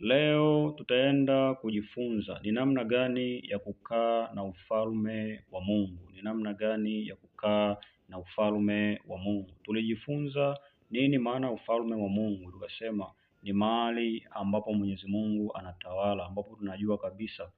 Leo tutaenda kujifunza ni namna gani ya kukaa na ufalme wa Mungu, ni namna gani ya kukaa na ufalme wa Mungu. Tulijifunza nini maana ufalme wa Mungu, tukasema ni mahali ambapo Mwenyezi Mungu anatawala, ambapo tunajua kabisa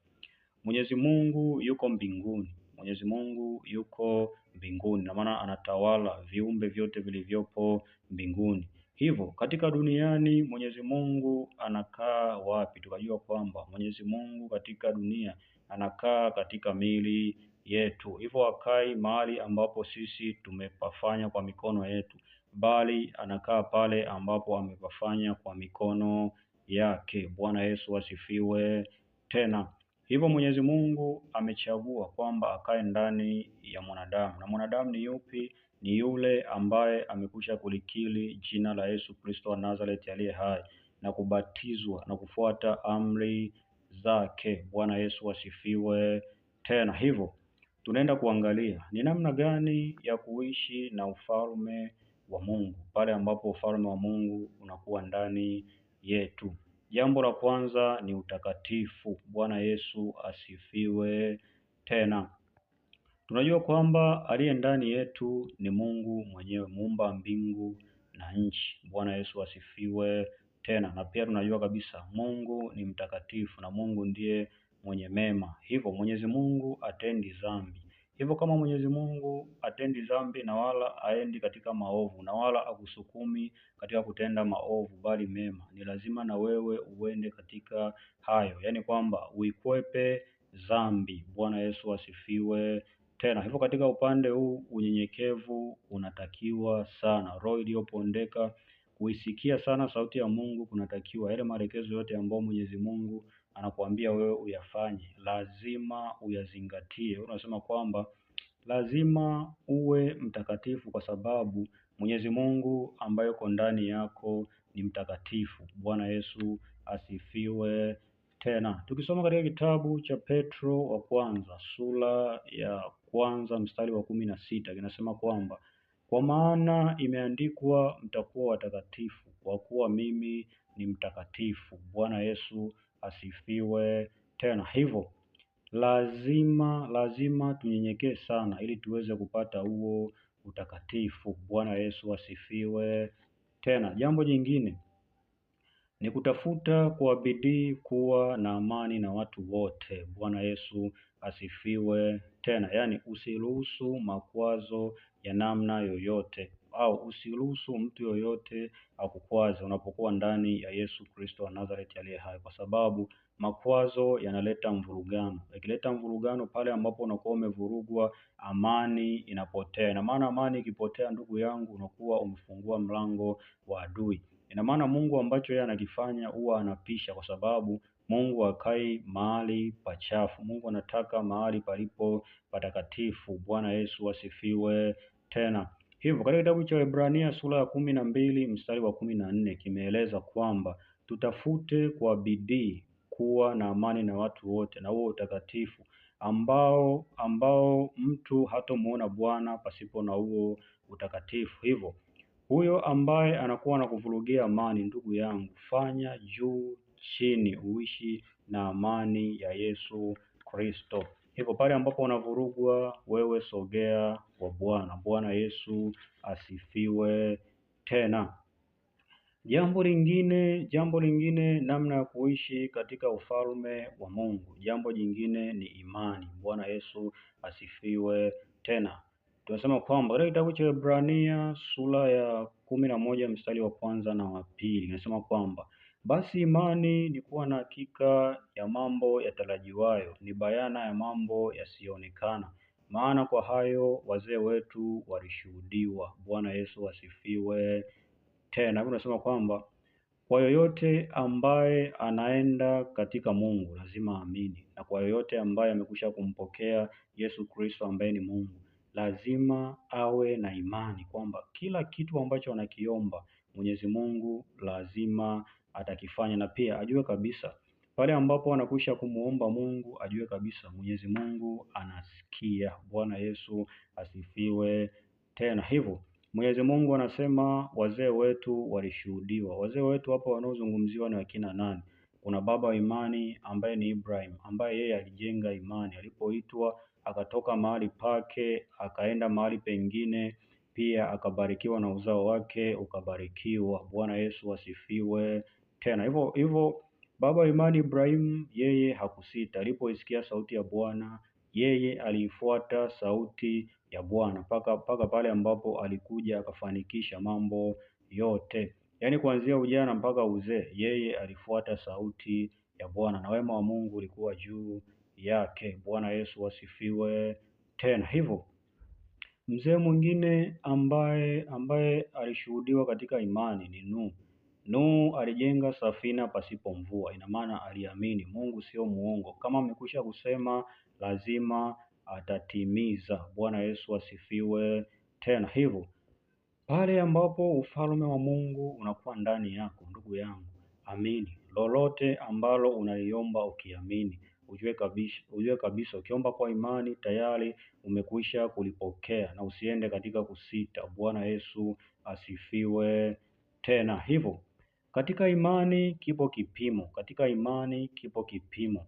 Mwenyezi Mungu yuko mbinguni. Mwenyezi Mungu yuko mbinguni, na maana anatawala viumbe vyote vilivyopo mbinguni. Hivyo katika duniani Mwenyezi Mungu anakaa wapi? Tukajua kwamba Mwenyezi Mungu katika dunia anakaa katika miili yetu, hivyo akai mahali ambapo sisi tumepafanya kwa mikono yetu, bali anakaa pale ambapo amepafanya kwa mikono yake. Bwana Yesu asifiwe tena. Hivyo Mwenyezi Mungu amechagua kwamba akae ndani ya mwanadamu, na mwanadamu ni yupi? ni yule ambaye amekwisha kulikili jina la Yesu Kristo wa Nazareti aliye hai na kubatizwa na kufuata amri zake. Bwana Yesu asifiwe. Tena hivyo tunaenda kuangalia ni namna gani ya kuishi na ufalme wa Mungu pale ambapo ufalme wa Mungu unakuwa ndani yetu. Jambo la kwanza ni utakatifu. Bwana Yesu asifiwe tena. Tunajua kwamba aliye ndani yetu ni Mungu mwenyewe muumba mbingu na nchi. Bwana Yesu asifiwe tena. Na pia tunajua kabisa Mungu ni mtakatifu na Mungu ndiye mwenye mema, hivyo Mwenyezi Mungu atendi dhambi. Hivyo kama Mwenyezi Mungu atendi dhambi na wala aendi katika maovu na wala akusukumi katika kutenda maovu, bali mema, ni lazima na wewe uende katika hayo, yaani kwamba uikwepe dhambi. Bwana Yesu asifiwe tena. Hivyo katika upande huu unyenyekevu unatakiwa sana, roho iliyopondeka kuisikia sana sauti ya Mungu kunatakiwa. Yale marekezo yote ambayo Mwenyezi Mungu anakuambia wewe uyafanye, lazima uyazingatie. Unasema kwamba lazima uwe mtakatifu kwa sababu Mwenyezi Mungu ambaye uko ndani yako ni mtakatifu. Bwana Yesu asifiwe. Tena tukisoma katika kitabu cha Petro wa kwanza sura ya kwanza mstari wa kumi na sita kinasema kwamba kwa maana imeandikwa, mtakuwa watakatifu kwa kuwa mimi ni mtakatifu. Bwana Yesu asifiwe. Tena hivyo lazima lazima tunyenyekee sana, ili tuweze kupata huo utakatifu. Bwana Yesu asifiwe. Tena jambo jingine ni kutafuta kwa bidii kuwa na amani na watu wote. Bwana Yesu asifiwe tena. Yaani, usiruhusu makwazo ya namna yoyote au usiruhusu mtu yoyote akukwaze unapokuwa ndani ya Yesu Kristo wa nazareti aliye hai, kwa sababu makwazo yanaleta mvurugano. Yakileta mvurugano, pale ambapo unakuwa umevurugwa, amani inapotea. Ina maana amani ikipotea, ndugu yangu, unakuwa umefungua mlango wa adui. Ina maana Mungu ambacho yeye anakifanya huwa anapisha, kwa sababu Mungu akai mahali pachafu. Mungu anataka mahali palipo patakatifu. Bwana Yesu asifiwe tena. Hivyo katika kitabu cha Waebrania sura ya kumi na mbili mstari wa kumi na nne kimeeleza kwamba tutafute kwa bidii kuwa na amani na watu wote na huo utakatifu ambao ambao mtu hatomuona Bwana pasipo na huo utakatifu. Hivyo huyo ambaye anakuwa na kuvurugia amani, ndugu yangu, fanya juu chini, uishi na amani ya Yesu Kristo. Hivyo pale ambapo unavurugwa, wewe sogea kwa Bwana. Bwana Yesu asifiwe. Tena jambo lingine, jambo lingine, namna ya kuishi katika ufalme wa Mungu. Jambo jingine ni imani. Bwana Yesu asifiwe. Tena tunasema kwamba katika kitabu cha Ibrania sura ya kumi na moja mstari wa kwanza na wa pili inasema kwamba basi imani ni kuwa na hakika ya mambo yatarajiwayo, ni bayana ya mambo yasiyoonekana. Maana kwa hayo wazee wetu walishuhudiwa. Bwana Yesu asifiwe. Tena tunasema kwamba kwa yoyote ambaye anaenda katika Mungu lazima aamini, na kwa yoyote ambaye amekwisha kumpokea Yesu Kristo ambaye ni Mungu lazima awe na imani kwamba kila kitu ambacho anakiomba Mwenyezi Mungu lazima atakifanya, na pia ajue kabisa pale ambapo anakwisha kumuomba Mungu, ajue kabisa Mwenyezi Mungu anasikia. Bwana Yesu asifiwe tena. Hivyo Mwenyezi Mungu anasema wazee wetu walishuhudiwa. Wazee wetu hapo wanaozungumziwa ni wakina nani? Kuna baba wa imani ambaye ni Ibrahim, ambaye yeye alijenga imani alipoitwa akatoka mahali pake akaenda mahali pengine, pia akabarikiwa na uzao wake ukabarikiwa. Bwana Yesu asifiwe tena. Hivyo hivyo baba imani Ibrahimu yeye hakusita, alipoisikia sauti ya Bwana yeye aliifuata sauti ya Bwana mpaka mpaka pale ambapo alikuja akafanikisha mambo yote, yaani kuanzia ujana mpaka uzee, yeye alifuata sauti ya Bwana na wema wa Mungu ulikuwa juu yake. Bwana Yesu asifiwe tena. Hivyo mzee mwingine ambaye ambaye alishuhudiwa katika imani ni Nuhu. Nuhu alijenga safina pasipo mvua, ina maana aliamini Mungu sio muongo. Kama amekwisha kusema lazima atatimiza. Bwana Yesu asifiwe tena. Hivyo pale ambapo ufalme wa Mungu unakuwa ndani yako, ndugu yangu, amini lolote ambalo unaliomba ukiamini ujue kabisa, ujue kabisa ukiomba kwa imani tayari umekwisha kulipokea na usiende katika kusita. Bwana Yesu asifiwe. Tena hivyo katika imani kipo kipimo, katika imani kipo kipimo,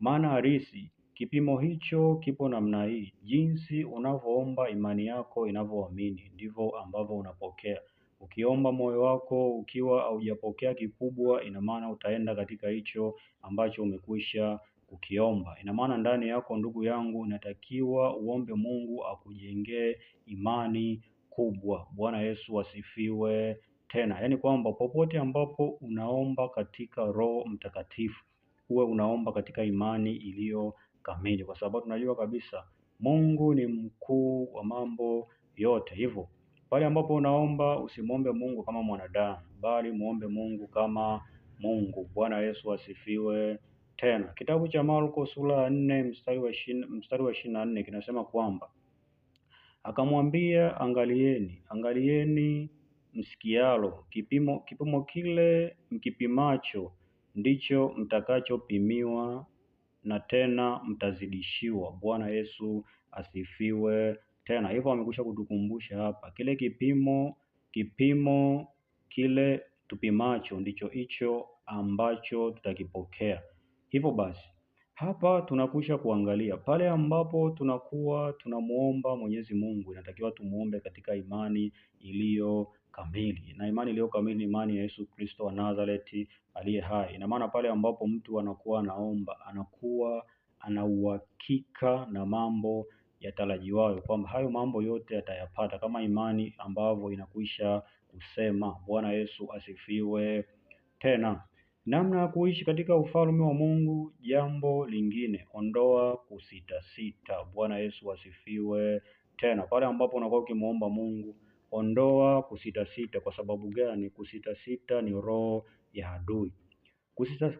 maana halisi Kipimo hicho kipo namna hii: jinsi unavyoomba, imani yako inavyoamini, ndivyo ambavyo unapokea. Ukiomba moyo wako ukiwa haujapokea kikubwa, ina maana utaenda katika hicho ambacho umekwisha ukiomba. Ina maana ndani yako, ndugu yangu, inatakiwa uombe Mungu akujengee imani kubwa. Bwana Yesu asifiwe tena. Yaani kwamba popote ambapo unaomba katika Roho Mtakatifu, uwe unaomba katika imani iliyo kamili, kwa sababu tunajua kabisa Mungu ni mkuu wa mambo yote. Hivyo pale ambapo unaomba usimwombe Mungu kama mwanadamu, bali muombe Mungu kama Mungu. Bwana Yesu asifiwe tena. Kitabu cha Marko sura ya nne mstari wa ishirini na nne kinasema kwamba akamwambia, angalieni angalieni msikialo, kipimo kipimo kile mkipimacho ndicho mtakachopimiwa na tena mtazidishiwa. Bwana Yesu asifiwe. Tena hivyo amekusha kutukumbusha hapa, kile kipimo kipimo kile tupimacho ndicho hicho ambacho tutakipokea. Hivyo basi hapa tunakwisha kuangalia pale ambapo tunakuwa tunamwomba Mwenyezi Mungu, inatakiwa tumuombe katika imani iliyo kamili, na imani iliyo kamili ni imani ya Yesu Kristo wa Nazareti aliye hai. Ina maana pale ambapo mtu anakuwa anaomba, anakuwa ana uhakika na mambo yatarajiwayo, kwamba hayo mambo yote atayapata kama imani ambavyo inakwisha kusema. Bwana Yesu asifiwe tena namna ya kuishi katika ufalme wa Mungu. Jambo lingine, ondoa kusitasita. Bwana Yesu asifiwe. Tena pale ambapo unakuwa ukimwomba Mungu, ondoa kusitasita. Kwa sababu gani? Kusitasita ni roho ya adui.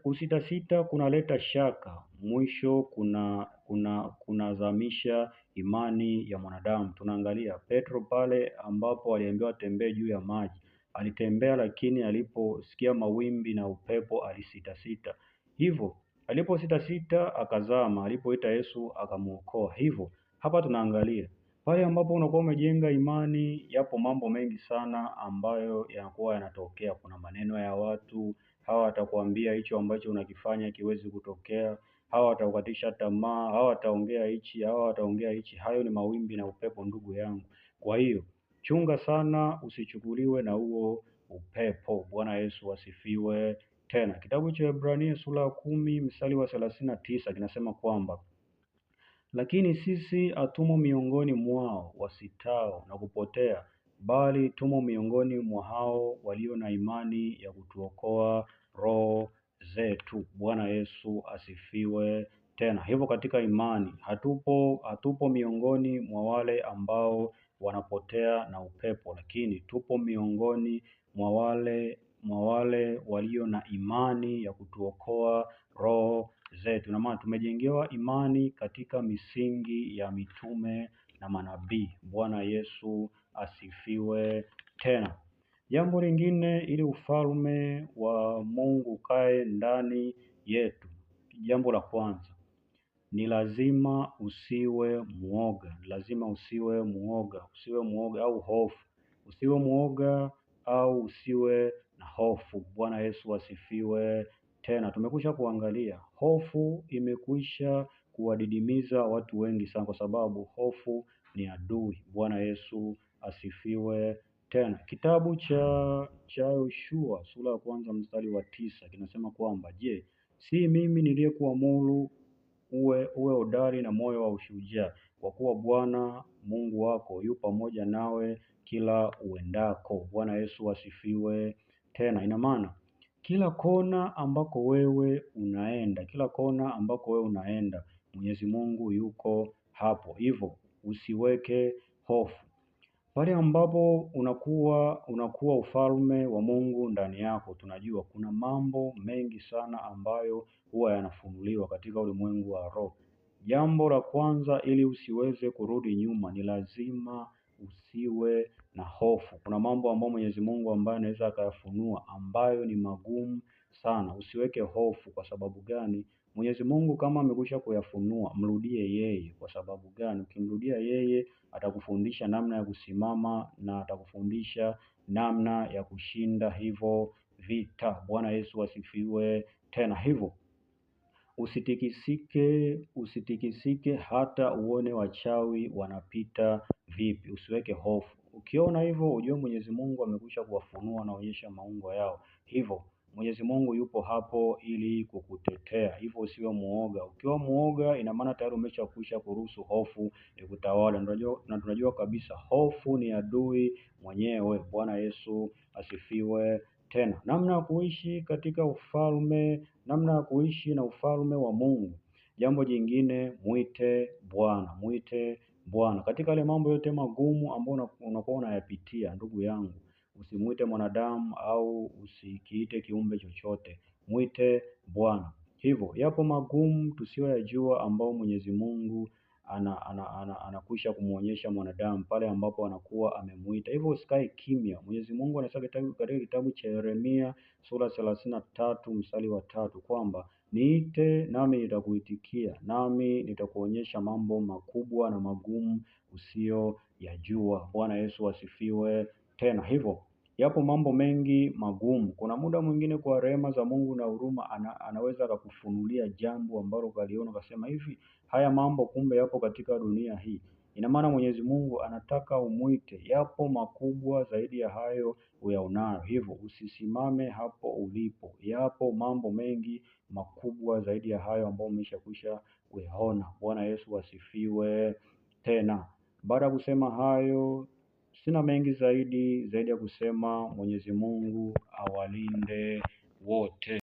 Kusitasita kunaleta shaka, mwisho kuna kuna kunazamisha imani ya mwanadamu. Tunaangalia Petro pale ambapo aliambiwa atembee juu ya maji Alitembea lakini aliposikia mawimbi na upepo alisitasita. Hivyo alipositasita akazama, alipoita Yesu akamwokoa. Hivyo hapa tunaangalia pale ambapo unakuwa umejenga imani, yapo mambo mengi sana ambayo yanakuwa yanatokea. Kuna maneno ya watu, hawa watakwambia hicho ambacho unakifanya kiwezi kutokea, hawa watakukatisha tamaa, hawa wataongea hichi, hawa wataongea hichi. Hayo ni mawimbi na upepo, ndugu yangu. Kwa hiyo Chunga sana usichukuliwe na huo upepo. Bwana Yesu asifiwe. Tena kitabu cha Ebrania sura ya kumi mstari wa thelathini na tisa kinasema kwamba lakini sisi hatumo miongoni mwao wasitao na kupotea, bali tumo miongoni mwa hao walio na imani ya kutuokoa roho zetu. Bwana Yesu asifiwe. Tena hivyo katika imani hatupo, hatupo miongoni mwa wale ambao wanapotea na upepo, lakini tupo miongoni mwa wale mwa wale walio na imani ya kutuokoa roho zetu, na maana tumejengewa imani katika misingi ya mitume na manabii. Bwana Yesu asifiwe. Tena jambo lingine, ili ufalme wa Mungu ukae ndani yetu, jambo la kwanza ni lazima usiwe mwoga, lazima usiwe mwoga, usiwe mwoga au hofu, usiwe mwoga au usiwe na hofu. Bwana Yesu asifiwe. Tena tumekwisha kuangalia, hofu imekwisha kuwadidimiza watu wengi sana, kwa sababu hofu ni adui. Bwana Yesu asifiwe. Tena kitabu cha cha Yoshua sura ya kwanza mstari wa tisa kinasema kwamba je, si mimi niliyekuamuru uwe, uwe hodari na moyo wa ushujaa, kwa kuwa Bwana Mungu wako yu pamoja nawe kila uendako. Bwana Yesu asifiwe. Tena ina maana kila kona ambako wewe unaenda, kila kona ambako wewe unaenda, Mwenyezi Mungu yuko hapo. Hivyo usiweke hofu. Pale ambapo unakuwa unakuwa ufalme wa Mungu ndani yako, tunajua kuna mambo mengi sana ambayo huwa yanafunuliwa katika ulimwengu wa roho. Jambo la kwanza, ili usiweze kurudi nyuma, ni lazima usiwe na hofu. Kuna mambo ambayo Mwenyezi Mungu ambaye anaweza akayafunua ambayo ni magumu sana. Usiweke hofu. Kwa sababu gani? Mwenyezi Mungu kama amekwisha kuyafunua, mrudie yeye. Kwa sababu gani? Ukimrudia yeye, atakufundisha namna ya kusimama na atakufundisha namna ya kushinda hivyo vita. Bwana Yesu asifiwe. Tena hivyo usitikisike, usitikisike hata uone wachawi wanapita vipi, usiweke hofu. Ukiona hivyo, ujue Mwenyezi Mungu amekwisha kuwafunua, anaonyesha maungo yao hivyo Mwenyezi Mungu yupo hapo ili kukutetea, hivyo usiwe muoga. Ukiwa muoga, ina maana tayari umeshakwisha kuruhusu hofu ikutawala, na tunajua kabisa hofu ni adui mwenyewe. Bwana Yesu asifiwe. Tena namna ya kuishi katika ufalme, namna ya kuishi na ufalme wa Mungu. Jambo jingine, mwite Bwana, mwite Bwana katika yale mambo yote magumu ambayo unakuwa unayapitia, ndugu yangu Usimwite mwanadamu au usikiite kiumbe chochote, mwite Bwana. Hivyo yapo magumu tusiyoyajua ambao Mwenyezi Mungu ana, ana, ana, anakwisha kumwonyesha mwanadamu pale ambapo anakuwa amemwita. Hivyo usikae kimya. Mwenyezi Mungu anasema katika kitabu cha Yeremia sura thelathini na tatu mstari wa tatu kwamba niite nami nitakuitikia, nami nitakuonyesha mambo makubwa na magumu usiyoyajua. Bwana Yesu asifiwe tena. Hivyo yapo mambo mengi magumu. Kuna muda mwingine kwa rehema za Mungu na huruma ana, anaweza akakufunulia jambo ambalo ukaliona ukasema hivi, haya mambo kumbe yapo katika dunia hii. Ina maana Mwenyezi Mungu anataka umwite. Yapo makubwa zaidi ya hayo uyaonayo, hivyo usisimame hapo ulipo. Yapo mambo mengi makubwa zaidi ya hayo ambayo umeshakwisha kuyaona. Bwana Yesu asifiwe. Tena baada ya kusema hayo Sina mengi zaidi zaidi ya kusema Mwenyezi Mungu awalinde wote.